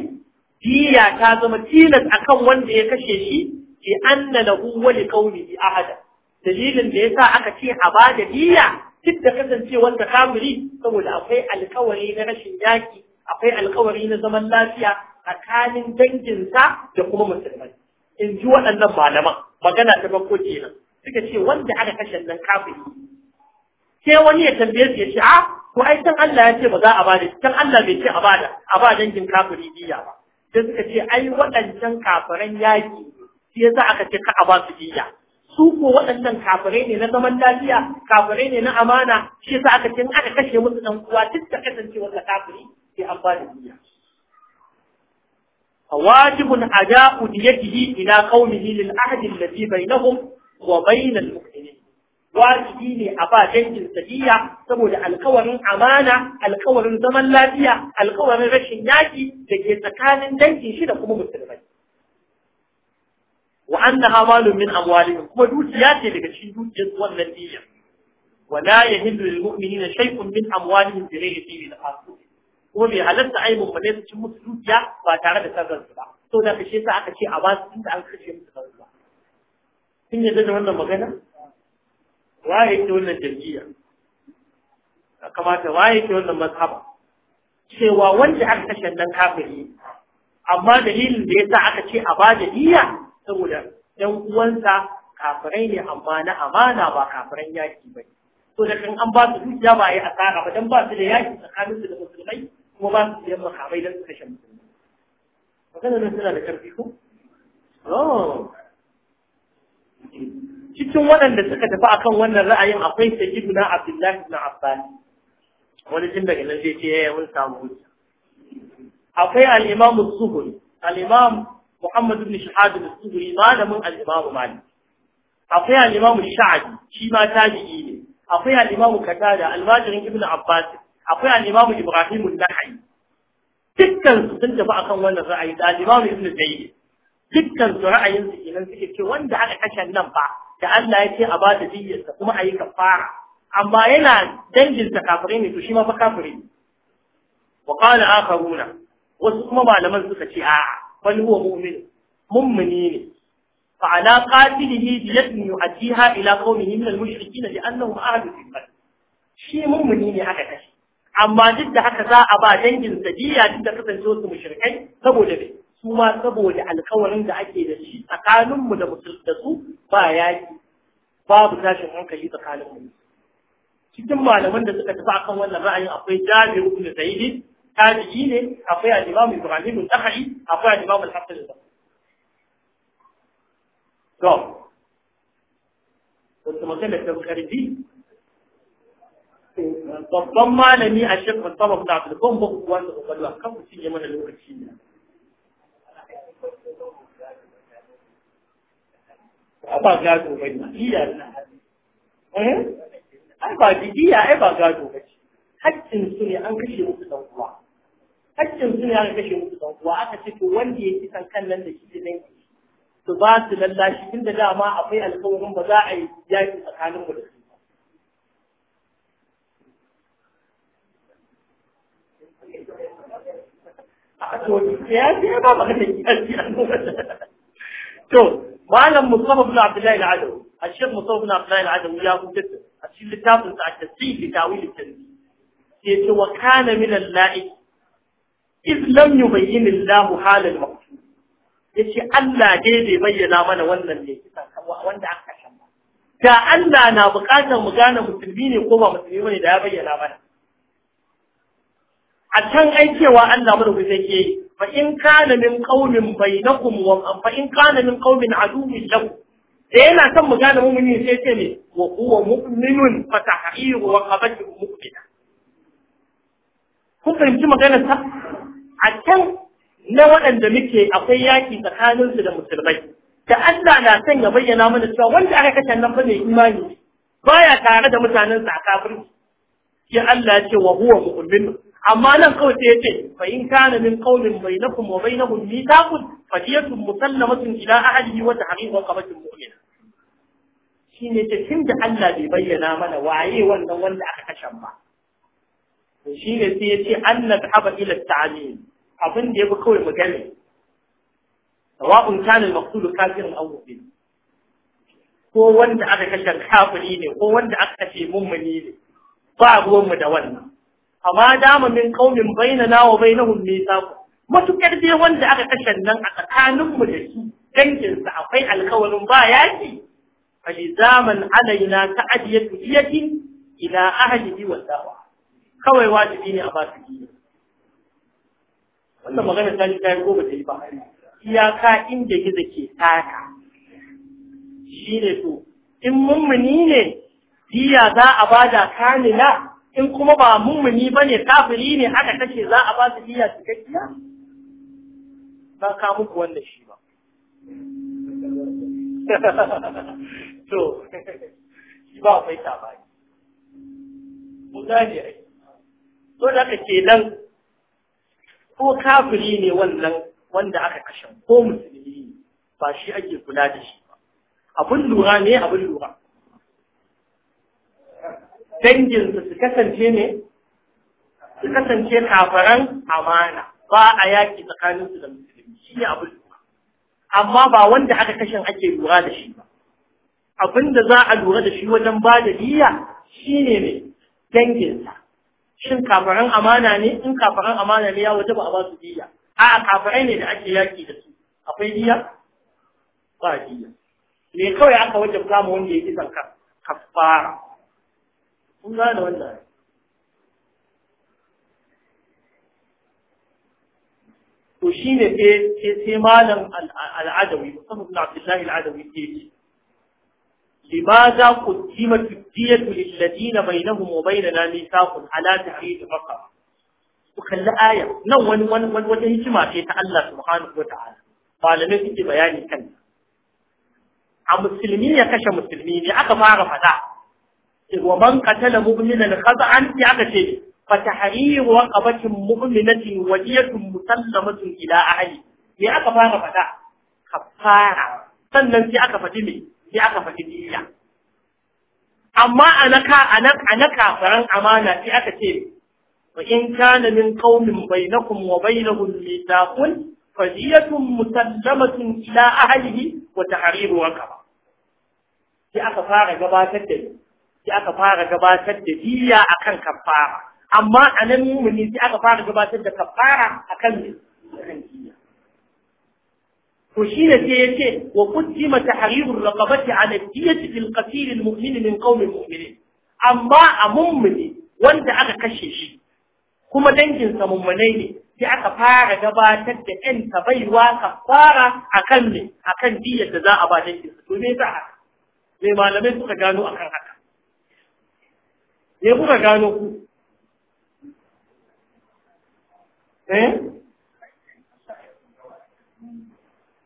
S2: diya ta zama tilas akan wanda ya kashe shi bi anna lahu wa li qawlihi ahada dalilin da yasa aka ce a bada diya duk da kasancewar wanda kamuri saboda akwai alkawari na rashin yaki akwai alkawari na zaman lafiya tsakanin danginsa da kuma musulmai in ji waɗannan malaman magana ta farko kenan suka ce wanda aka kashe nan kafin sai wani ya tambaye su ya ce a ko ai san Allah ya ce ba za a bada san Allah bai ce a bada a ba dangin kafiri jiya ba sai suka ce ai waɗancan kafiran yaƙi sai za aka ce ka a ba su jiya su ko waɗannan kafirai ne na zaman lafiya kafirai ne na amana shi sa aka ce in aka kashe musu ɗan uwa duk da kasancewar da kafiri sai an ba da jiya فواجب أداء ديته إلى قومه للعهد الذي بينهم وبين المؤمنين wajibi ne a ba dangin sadiya saboda alkawarin amana alkawarin zaman lafiya alkawarin rashin yaki da ke tsakanin dangin shida kuma musulmai wa annaha malum min amwalihim kuma dukiya ce daga cikin dukiyar wannan diyya wa la yahillu lil mu'minina shay'un min amwalihim bi ghayri sabili al-aqli kuma bai halatta yi mummune su ci musu dukiya ba tare da san su ba to da kashe sa aka ce a ba su inda an kashe musu su ba kin yadda da wannan magana waye ke wannan jam'iyya kamata waye ke wannan mazhaba cewa wanda aka kashe nan kafiri amma dalilin da ya sa aka ce a ba da diya saboda ɗan uwansa kafirai ne amma na amana ba kafirai yaki ba. to da kan an ba su dukiya ba yi asara ba dan ba su da yaki tsakanin su da musulmai kuma ba su siyan makamai don su kashe musulmi magana nan suna da ƙarfi ko cikin waɗanda suka tafi akan wannan ra'ayin akwai na abdullahi ibn abbas wani jin daga nan zai ce ya eh, yi mun samun hujja akwai al-imam az-zuhri al-imam muhammad ibn shahab az-zuhri malamin al-imam akwai al-imam sha'bi shi ma tabi'i ne akwai al-imam qatada al-majirin ibn abbas akwai Alimamu Ibrahimu Ibrahim an Dukkansu sun tafi a kan wannan ra'ayi da Alimamu imam Ibn Zayd Dukkansu ra'ayinsu ra'ayin su kenan suke ce wanda aka kashe nan ba, da Allah ya ce a ba da diyyarsa kuma a yi kafara amma yana dangin sa kafirai ne to shi ma fa kafiri wa aka runa. wasu kuma malaman suka ce a'a bal huwa mu'min mummuni ne fa ala qatilihi biyadin yu'tiha ila qaumihi min al-mushrikeen li'annahum ahlu fi shi mummuni ne aka kashe amma duk da haka za a ba dangin sadiya duk da kasance wasu mushrikai saboda me su ma saboda alkawarin da ake da shi tsakaninmu da musulmi su ba yaki babu tashin hankali tsakaninmu cikin malaman da suka tafi akan wannan ra'ayin akwai Jabir ibn Zaid tabi'i ne akwai al-Imam Ibrahim al-Tahi akwai al-Imam al-Hafiz to wasu magana ta karbi babban malami a shek musamman da abu ban ba kuwa da kwakwalwa kan mutum ya mana lokaci ne ba gado ba ne iya na eh? ai ba bidiya ai ba gado ba ce haƙƙin su ne an kashe musu dan uwa haƙƙin su ne an kashe musu dan uwa aka ce to wanda ya ci kan kan nan da shi ne su ba su lallashi inda dama akwai alƙawarin ba za a yi yaƙi tsakanin mu da to ya ce ba ba ne to malam mustafa bin abdullahi al-adu a shi mustafa bin abdullahi al-adu ya hujjat a shi littafin sa ta tsifi ta wuce ta ce ce wa kana min al-la'i iz lam yubayyin Allah hal al-maqsud yace Allah dai bai bayyana mana wannan ne wanda aka san ba da Allah na buƙatar mu gane musulmi ne ko ba musulmi ne da ya bayyana mana a can aikewa Allah mu da ke fa in kana min qaumin bainakum wa fa in kana min qaumin aduwwin lakum da yana son mu gane mu'mini sai ce ne wa huwa mu'minun fa tahriru wa qabatu mu'mina kun fahimci magana ta a can na waɗanda muke akwai yaƙi tsakaninsu da musulmai da Allah na son ya bayyana mana cewa wanda aka kashe nan fa mai imani baya tare da mutanen a kafirci ya Allah ya ce wa huwa mu'minun amma nan kawai sai yace fa in kana min qawlin bainakum wa bainahum mithaqun fadiyatun musallamatun ila ahlihi wa tahriqu qabatin mu'mina shine yace tun da Allah bai bayyana mana waye wannan wanda aka kashe ba to shine sai yace an nadhaba ila ta'lim abin da yafi kawai magana sawa'un kana al-maqtul kafirin aw mu'min ko wanda aka kashe kafiri ne ko wanda aka kashe mummuni ne ba mu da wannan amma dama min baina na wa bainahum mithaq matukar dai wanda aka kashe nan a tsakanin mu da su dangin sa akwai alkawarin ba yaki zaman alaina ta adiyatu iyatin ila ahlihi wa da'wa kawai wajibi ne a ba su wannan magana ta ji kai gobe ta yi ba iyaka inda gizo ke tsaka ne to in mummuni ne diya za a bada kamila in kuma ba mummuni ba ne kafiri ne haka take za a ba su niyya cikakkiya ba ka muku wanda shi ba to shi ba ba ne. mun gane ai So da aka ke nan ko kafiri ne wannan wanda aka kashe ko musulmi ne ba shi ake kula da shi ba abin lura ne abin lura danginsu su kasance ne su kasance kafaran amana ba a yaƙi tsakaninsu da musulmi shi ne abin amma ba wanda aka kashin ake lura da shi ba abin da za a lura da shi wajen ba da diya shi ne ne danginsa shin kafaran amana ne in kafaran amana ne ya waje a ba su diya a kafarai ne da ake yaƙi da su akwai diya ba diya me kawai aka wajen kama wanda ya kisan kafara هم قالوا ولا وشين في في مالم العدوي مصطفى بن عبد الله العدوي يجي لماذا قدمت الدية للذين بينهم وبيننا ميثاق على تحريف فقط وخلى آية نون ونون ونون وجه ما في الله سبحانه وتعالى قال نفسي بياني كان عم مسلمين يا كشا مسلمين يا أخا ما أعرف هذا wa man qatala mu'minan khaz'an ya aka ce fa tahriru raqabatin mu'minatin wadiyatun musallamatun ila ahli me aka fara fada kafara sannan sai aka fadi me sai aka fadi niyya amma anaka anaka anaka faran amana sai aka ce wa in kana min qaumin bainakum wa bainahum mithaqun فدية مسلمة إلى أهله وتحرير رقبة في أكفار جبات الدين sai aka fara gabatar da diya akan kafara amma a nan mumuni sai aka fara gabatar da kafara akan akan diya to shine sai yace wa qaddima tahrirur raqabati ala diyati lil qatil al mu'min min qawm al mu'minin amma a mummuni wanda aka kashe shi kuma dangin sa mummunai ne sai aka fara gabatar da ‘yan tabaiwa kafara a kan ne, a diyar da za a ba dangin su, to me za a Mai malamai suka gano a kan haka. me kuka gano ku eh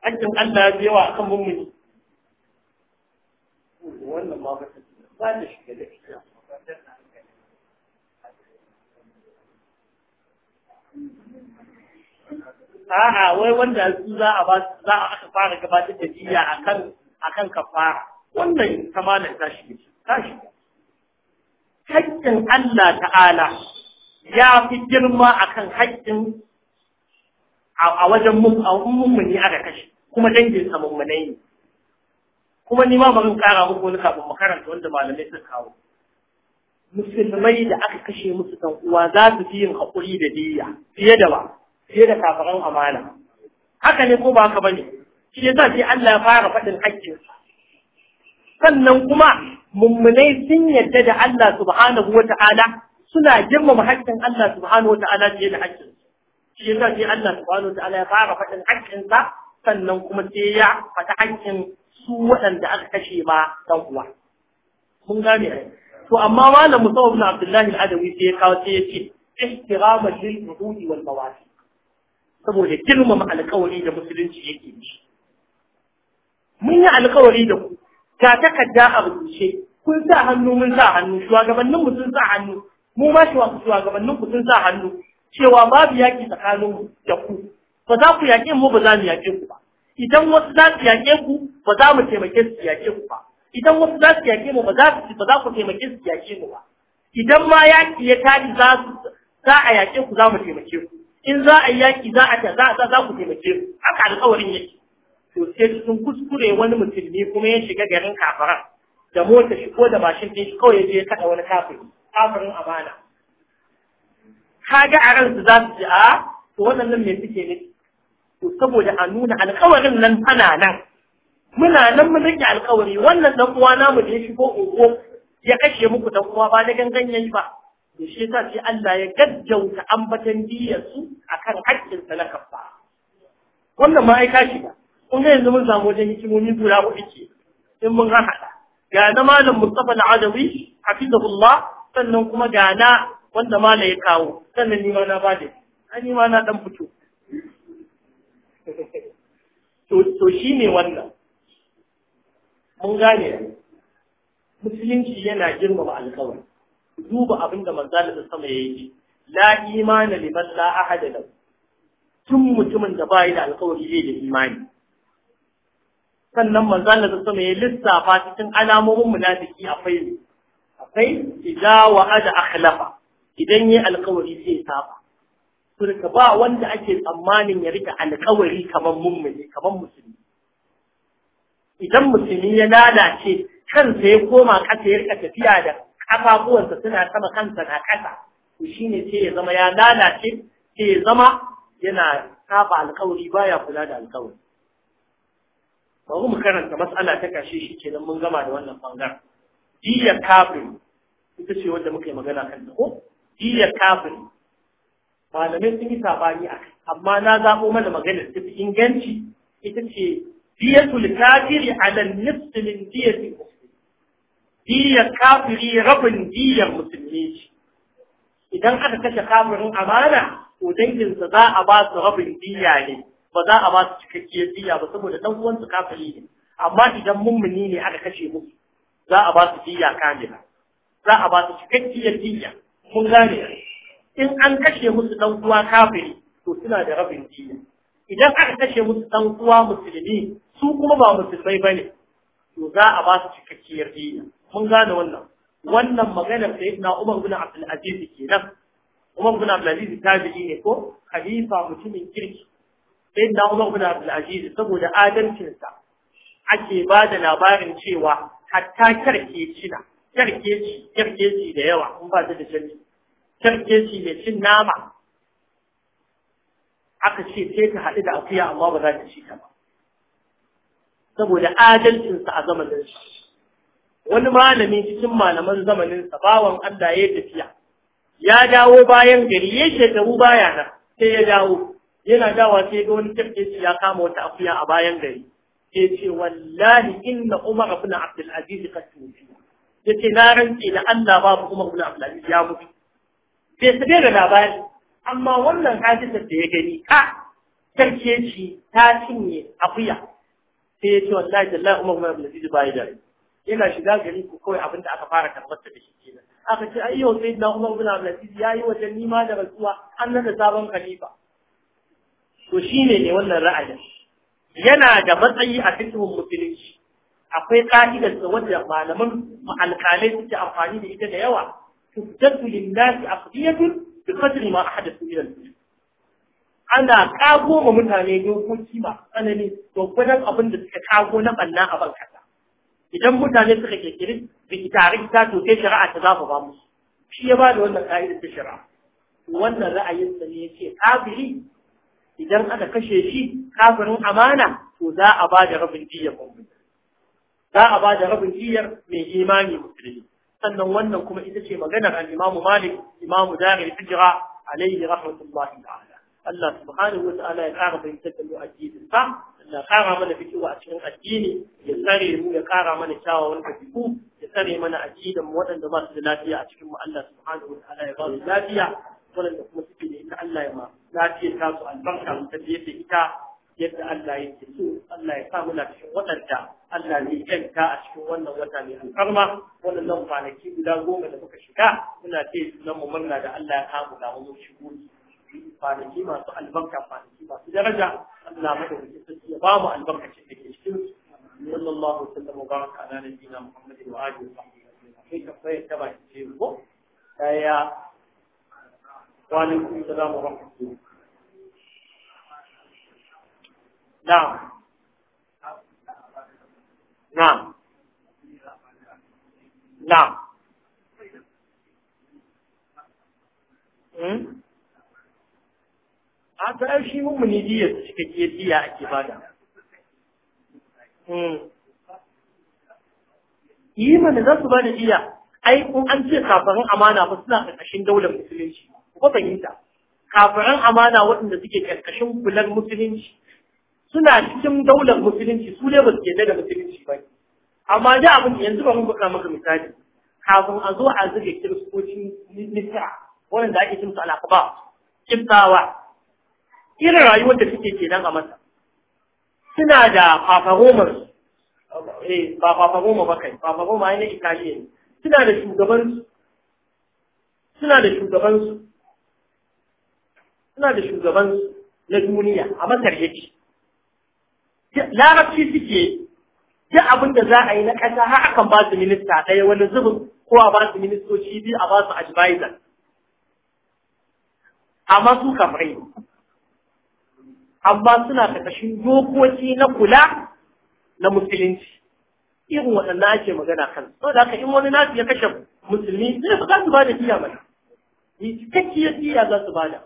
S2: hakkin Allah ya yawa akan mummuni
S1: wannan ma ba ta shiga da shi
S2: a'a wai wanda su za a za a aka fara gabatar da jiya akan akan kafara wannan kamanin tashi tashi haƙƙin Allah ta'ala ya fi girma akan haƙƙin a wajen mummuni aka kashe kuma dangin sa mummunai ne kuma ni ma bari ƙara muku wani kafin makaranta wanda malamai suka kawo musulmai da aka kashe musu dan uwa za su fi yin haƙuri da diyya fiye da ba fiye da kafaran amana haka ne ko ba haka bane shi yasa sai Allah ya fara faɗin haƙƙinsa sannan kuma mummunai sun yadda da Allah subhanahu wa ta'ala suna girmama haƙƙin Allah subhanahu wa ta'ala fiye da haƙƙin shi yasa sai Allah subhanahu wa ta'ala ya fara faɗin haƙƙin sa sannan kuma sai ya faɗi haƙƙin su waɗanda aka kashe ma dan uwa mun gane ai to amma malam Musa ibn Abdullahi al-Adawi sai ya kawo sai ya ce ihtiraman lil uhudi wal mawasi saboda girmama alƙawari da musulunci yake mun yi alƙawari da ku ga takarda a rubuce kun sa hannu mun sa hannu shugabannin mu sun sa hannu mu ma shugabannin ku sun sa hannu cewa babu yaki tsakanin mu da ku ba za ku yaƙe mu ba za mu yaƙe ku ba idan wasu za su yaƙe ku ba za mu taimake su yaƙe ku ba idan wasu za su yaƙe mu ba za su ba za ku taimake su yaƙe mu ba idan ma yaƙi ya tashi za su za a yaƙe ku za mu taimake ku in za a yi yaƙi za a ta za za ku taimake ku haka alƙawarin yake to sai sun kuskure wani musulmi kuma ya shiga garin kafaran da mota shi ko da mashin ɗin shi kawai ya je ya kaɗa wani kafiri kafirin amana kaga a ransu za su ji a to wannan nan me suke ne to saboda a nuna alƙawarin nan tana nan muna nan mun rike alƙawari wannan dan uwa namu da ya ko ogo ya kashe muku dan uwa ba na gangan yayi ba to shi yasa sai Allah ya gaggauta ambatan diyar su akan haƙƙin na kaffa wannan ma shi ba kun ga yanzu mun samu wajen hikimomi guda hudu ke in mun haɗa ga na malam Mustafa al-Adawi hafizahullah sannan kuma ga na wanda mala ya kawo sannan ni ma na bada an yi ma na dan fito to to shine wannan mun gane musulunci yana girmama alƙawari duba abin da manzalin da sama yi la imana liman la ahada lahu tun mutumin da bai da alƙawari zai da imani sannan manzo Allah sallallahu alaihi ya lissafa cikin alamomin munafiki akwai ne akwai idza wa'ada akhlafa idan yi alƙawari sai ya saba to ba wanda ake tsammanin ya rika alƙawari kamar mummuni kamar musulmi idan musulmi ya lalace kansa ya koma ƙasa ya rika tafiya da kafafuwansa suna sama kansa na kasa to shine sai ya zama ya lalace sai ya zama yana saba alƙawari baya kula da alƙawari bari mu karanta matsala ta kashe shi kenan mun gama da wannan bangar. iya kafin ita ce wadda muka yi magana kan ta ko iya kafin malamai sun yi sabani a kai amma na zaɓo mana magana ta fi inganci ita ce biyar kafiri ala nisf min diyatil muslim diya kafiri rabin biyar musulmi ce idan aka kashe kafirin amana to danginsa za a ba su rabin diya ne ba za a ba su cikakkiyar diya ba saboda dan uwansu kafiri ne amma idan mummuni ne aka kashe mu, za a ba su diya kamila za a ba su cikakkiyar diya mun gane in an kashe musu dan uwa kafiri to suna da rabin diya idan aka kashe musu dan uwa musulmi su kuma ba musulmai bane to za a ba su cikakkiyar diya mun gane wannan wannan maganar sayyidina Umar bin Abdul Aziz kenan Umar bin Abdul Aziz tabi'i ne ko khalifa mutumin kirki sai na Umar bin Abdul Aziz saboda adalcinsa ake ba da labarin cewa hatta ci na karke ci da yawa in ba da da karke ci mai cin nama aka ce sai ta haɗu da akuya amma ba za ta ci ta ba saboda adalcinsa a zamanin shi wani malami cikin malaman zamaninsa bawan Allah ya tafiya ya dawo bayan gari ya shekaru baya nan sai ya dawo yana dawa sai ga wani kirke ya kama wata akuya a bayan gari sai ce wallahi inna umar ibn abdul aziz qad Ya ce na rantse da Allah babu umar ibn abdul aziz ya mutu bai su da labari amma wannan hadisar da ya gani ka sarki ce ta cinye akuya sai ya ce wallahi tallahi umar ibn abdul ba ya dare. yana shiga gari ko kawai abin da aka fara tabbata da shi kenan aka ce ai yau sai na umar ibn abdul ya yi wajen nima da rasuwa an nada sabon khalifa to shine ne wannan ra'ayin yana da matsayi a cikin musulunci akwai ka'idar da wanda malaman alƙalai suke amfani da ita da yawa tujaddu a nasi aqdiyatun bi qadri ma ahadathu ila ana kago ma mutane dokoki ba tsanani gwagwadon abin da suka kago na banna a ban idan mutane suka kirkiri bikitari ta to sai shari'a ta zafa ba musu shi ya ba da wannan ka'idar ta shari'a wannan ra'ayin sa ne ce kabili idan aka kashe shi kafirin amana to za a ba da rabin diyar za a ba da rabin diyar mai imani musulmi sannan wannan kuma ita ce maganar al-Imam Malik Imam Darul Hijra alaihi rahmatullahi ta'ala Allah subhanahu wa ta'ala ya ƙara fahimtar da mu addinin sa Allah ƙara mana fikihu a cikin addini ya tsare mu ya ƙara mana kyawawan fikihu ya tsare mana addinan mu waɗanda ba su da lafiya a cikin mu Allah subhanahu wa ta'ala ya ba su lafiya waɗanda kuma suke da ita Allah ya ma lafiyar tasu albarka ta yadda ita yadda Allah ya ke so Allah ya sa muna cikin waɗanda Allah ne ta a cikin wannan wata mai alfarma waɗannan kwanaki guda goma da muka shiga muna ce sunan mu murna da Allah ya kamu da mu shigo kwanaki masu albarka kwanaki masu daraja Allah madaukakin sarki ya ba mu albarkacin da ke cikin su صلى الله وسلم وبارك على نبينا محمد وآله وصحبه أجمعين. في كفاية تبع الشيخ يا وعليكم السلام ورحمة الله نعم نعم نعم haka ai shi mummuni diya su cika ke diya ake bada yi mana za su bada diya ai kun an ce kafarin amana ba suna ƙarƙashin daular musulunci ko fahimta kafiran amana waɗanda suke karkashin kular musulunci suna cikin daular musulunci su ne ba su da musulunci ba amma da abin yanzu ba mun buka maka misali kafin a zo a zuge kiristocin misra waɗanda ake cin su alaƙaba kibtawa irin rayuwar da suke kenan a masa suna da fafaromar eh, ba fafaroma ba kai fafaroma ne na italiya suna da shugabansu suna da shugabansu suna da shugaban na duniya a masar yake larabci suke duk abin da za a yi na ƙasa har akan ba su minista ɗaya wani zubin ko a ba su ministoci biyu a ba su advisor amma su yi. amma suna ƙarƙashin dokoki na kula na musulunci irin waɗannan ake magana kan da haka in wani nasu ya kashe musulmi zai ba za su ba da fiya mana cikakkiyar fiya za su ba da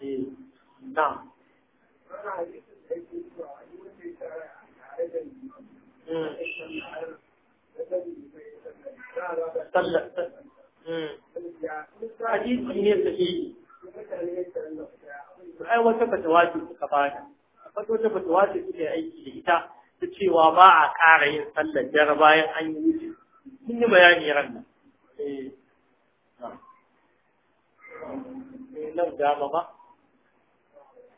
S2: Eh, na hmm.
S1: hadisi ne ta yi
S2: ai bada wata wata fatawa ce suka yi aiki da ita ta cewa ba a ƙara yin sallar jar bayan an yi wuce sun yi bayani ran nan eh, eh nan dama ba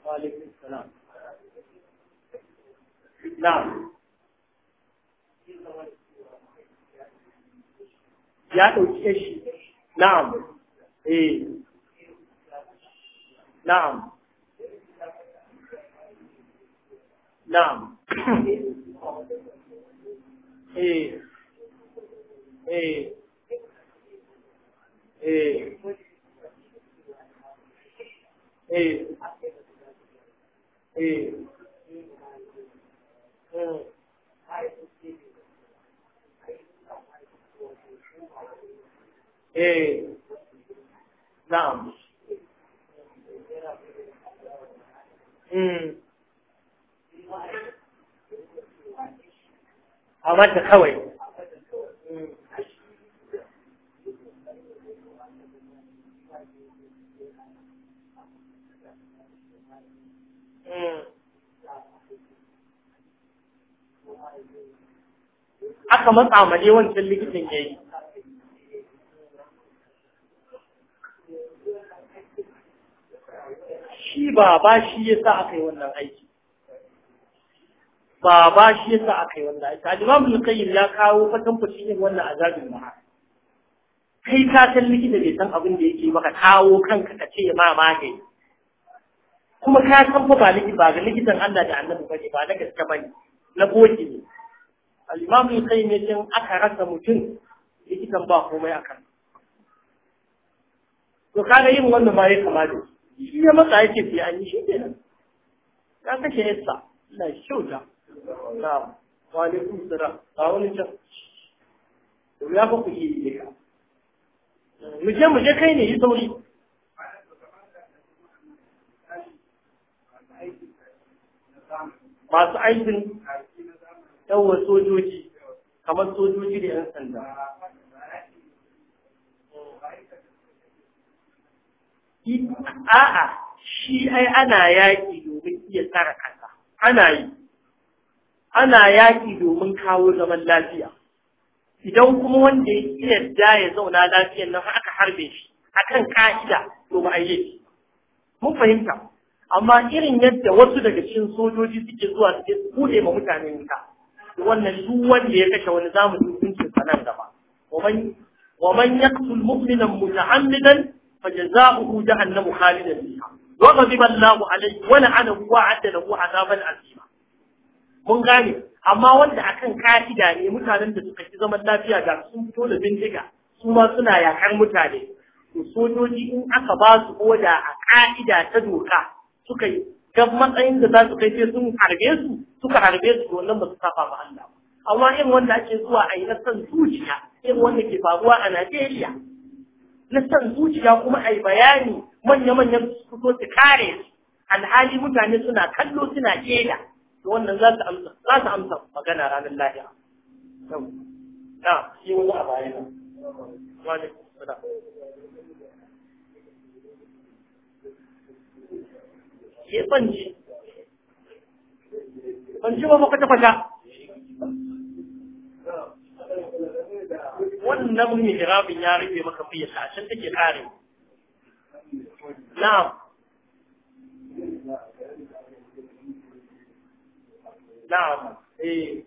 S1: وعليكم السلام نعم ya eh
S2: eh na'am hmm. kawai hmm. Mm. aka matsa ma wancan likitan yi shi ba shi ya sa aka yi wannan aiki ba shi ya sa aka yi wannan aiki al-imam al ya kawo fatan fashin wannan azabin ba. kai ka san likita bai san abin da yake maka kawo kanka ka ce ma magani kuma ka san fa ba liki ba ga likitan Allah da Annabi bane ba na gaske bane na goge ne al-Imam Ibn ne din aka rasa mutum likitan ba komai akan to kaga yin wannan ma ya kamata shi ya matsa yake fi an yi shi ne ka kashe yasa la shauda na wa alaikum salam ta wani can to ya ku yi ne ka mu je mu je kai ne yi sauri masu aikin yawan sojoji kamar sojoji da 'yan sanda a'a shi ai ana yaƙi domin iya tsara ƙasa ana yi ana yaƙi domin kawo zaman lafiya idan kuma wanda ya yarda ya zauna lafiyan nan aka harbe shi akan ka'ida domin ayyuki mun fahimta amma irin yadda wasu daga cikin sojoji suke zuwa suke su kuɗe ma mutane wuta wannan duk wanda ya kashe wani zamu yi hukuncin sa nan gaba waman waman yaqtul mu'mina muta'ammidan fajza'uhu jahannamu khalidan fiha wa ghadiba Allahu alayhi wa la'anahu wa 'adda lahu azaban azima mun gane amma wanda akan ka'ida ne mutanen da suka ci zaman lafiya ga sun fito da bindiga su ma suna yakar mutane to sojoji in aka ba su oda a ka'ida ta doka suka yi gab matsayin da za su kai sai sun harbe su suka harbe su wannan ba su saba ma Allah amma irin wanda ake zuwa a yi na san zuciya irin wanda ke faruwa a Najeriya na san zuciya kuma a yi bayani manya-manyan su fito su kare su alhali mutane suna kallo suna keda da wannan za su amsa za su amsa magana ranar lahira
S1: na shi ke banci banci ba kwata kwata
S2: wannan mihrabin ya rufe maka fiye ta can take kare na'am na'am eh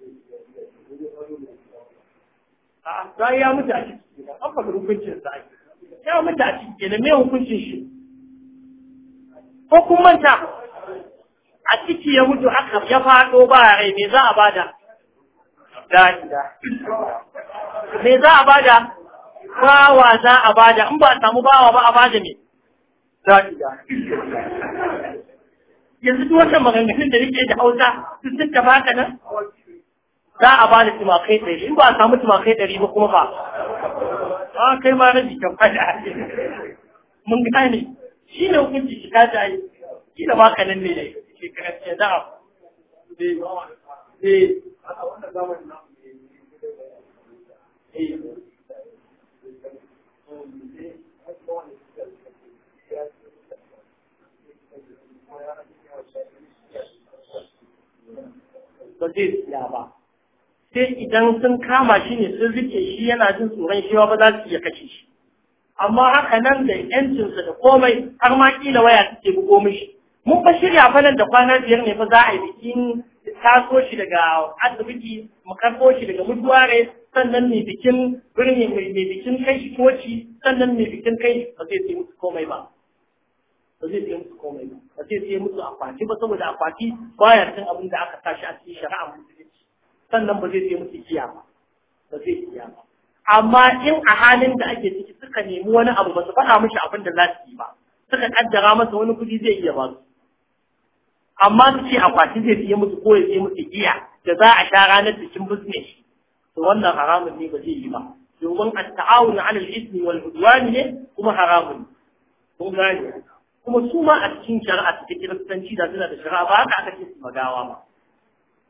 S2: a ya mutaci a fa an hukuncin sa ya mutaci ke ne me hukuncin shi ko kun manta a ciki ya mutu aka ya faɗo ba rai me za a bada me za a bada bawa za a bada in ba a samu bawa ba a bada me yanzu duk wata maganganun da nake da hausa sun tafi baka nan za a bada tumakai ɗari in ba a samu tumakai ɗari ba kuma ba a ah, kai ma rabi kan fada mun gane shi ne hukunci shi ta ta yi shi da baka nan ne ka ce za a ba zai sai idan sun kama shi ne sun rike shi yana jin tsoron shi ba za su iya kashe shi amma haka nan da yancinsa da komai har ma kila waya take bugo mishi mun fa shirya nan da kwana biyar ne fa za a yi bikin taso shi daga asibiti mu karɓo shi daga mutuware sannan mai bikin birni mai bikin kai shi koci sannan mai bikin kai ba zai sai musu komai ba ba zai sai musu komai ba ba zai sai musu akwati ba saboda akwati baya cin abin da aka tashi a cikin shari'a musulunci sannan ba zai sai musu kiyama ba zai kiyama amma in a halin da ake ciki suka nemi wani abu ba su faɗa mishi abin da za su yi ba suka kaddara masa wani kuɗi zai iya ba su amma su ce akwati zai fiye musu ko ya fiye musu giya da za a sha ranar bikin business to wannan haramun ne ba zai yi ba domin a taawun 'ala al-ithmi wal udwan ne kuma haramun kun gane kuma su ma a cikin shari'a cikin kiristanci da suna da shari'a ba haka kake su magawa ba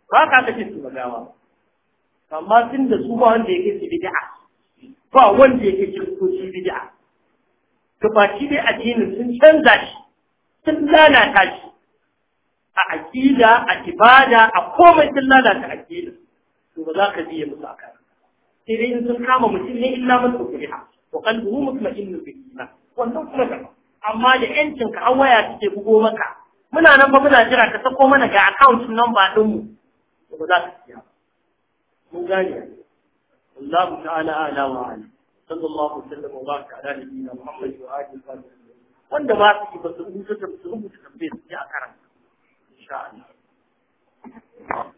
S2: ba haka kake su magawa ba amma tun da su ba wanda ya su bid'a ba wanda yake kiristoci bid'a shi dai addinin sun canza shi sun lalata shi a aƙida a ibada a komai sun lalata aqida to ba za ka biye musu akan sai dai in sun kama mutum ne illa masa kuri'a wa qalbuhu mutma'innun bil iman wannan kuma da amma da yancin ka an waya take bugo maka muna nan ba muna jira ka sako mana ga account number din mu ba za ka siya mun gane والله تعالى أعلى وأعلم صلى الله وسلم وبارك على نبينا محمد وآله وصحبه wanda ba su yi ba su rubuta tambayar a karanta insha Allah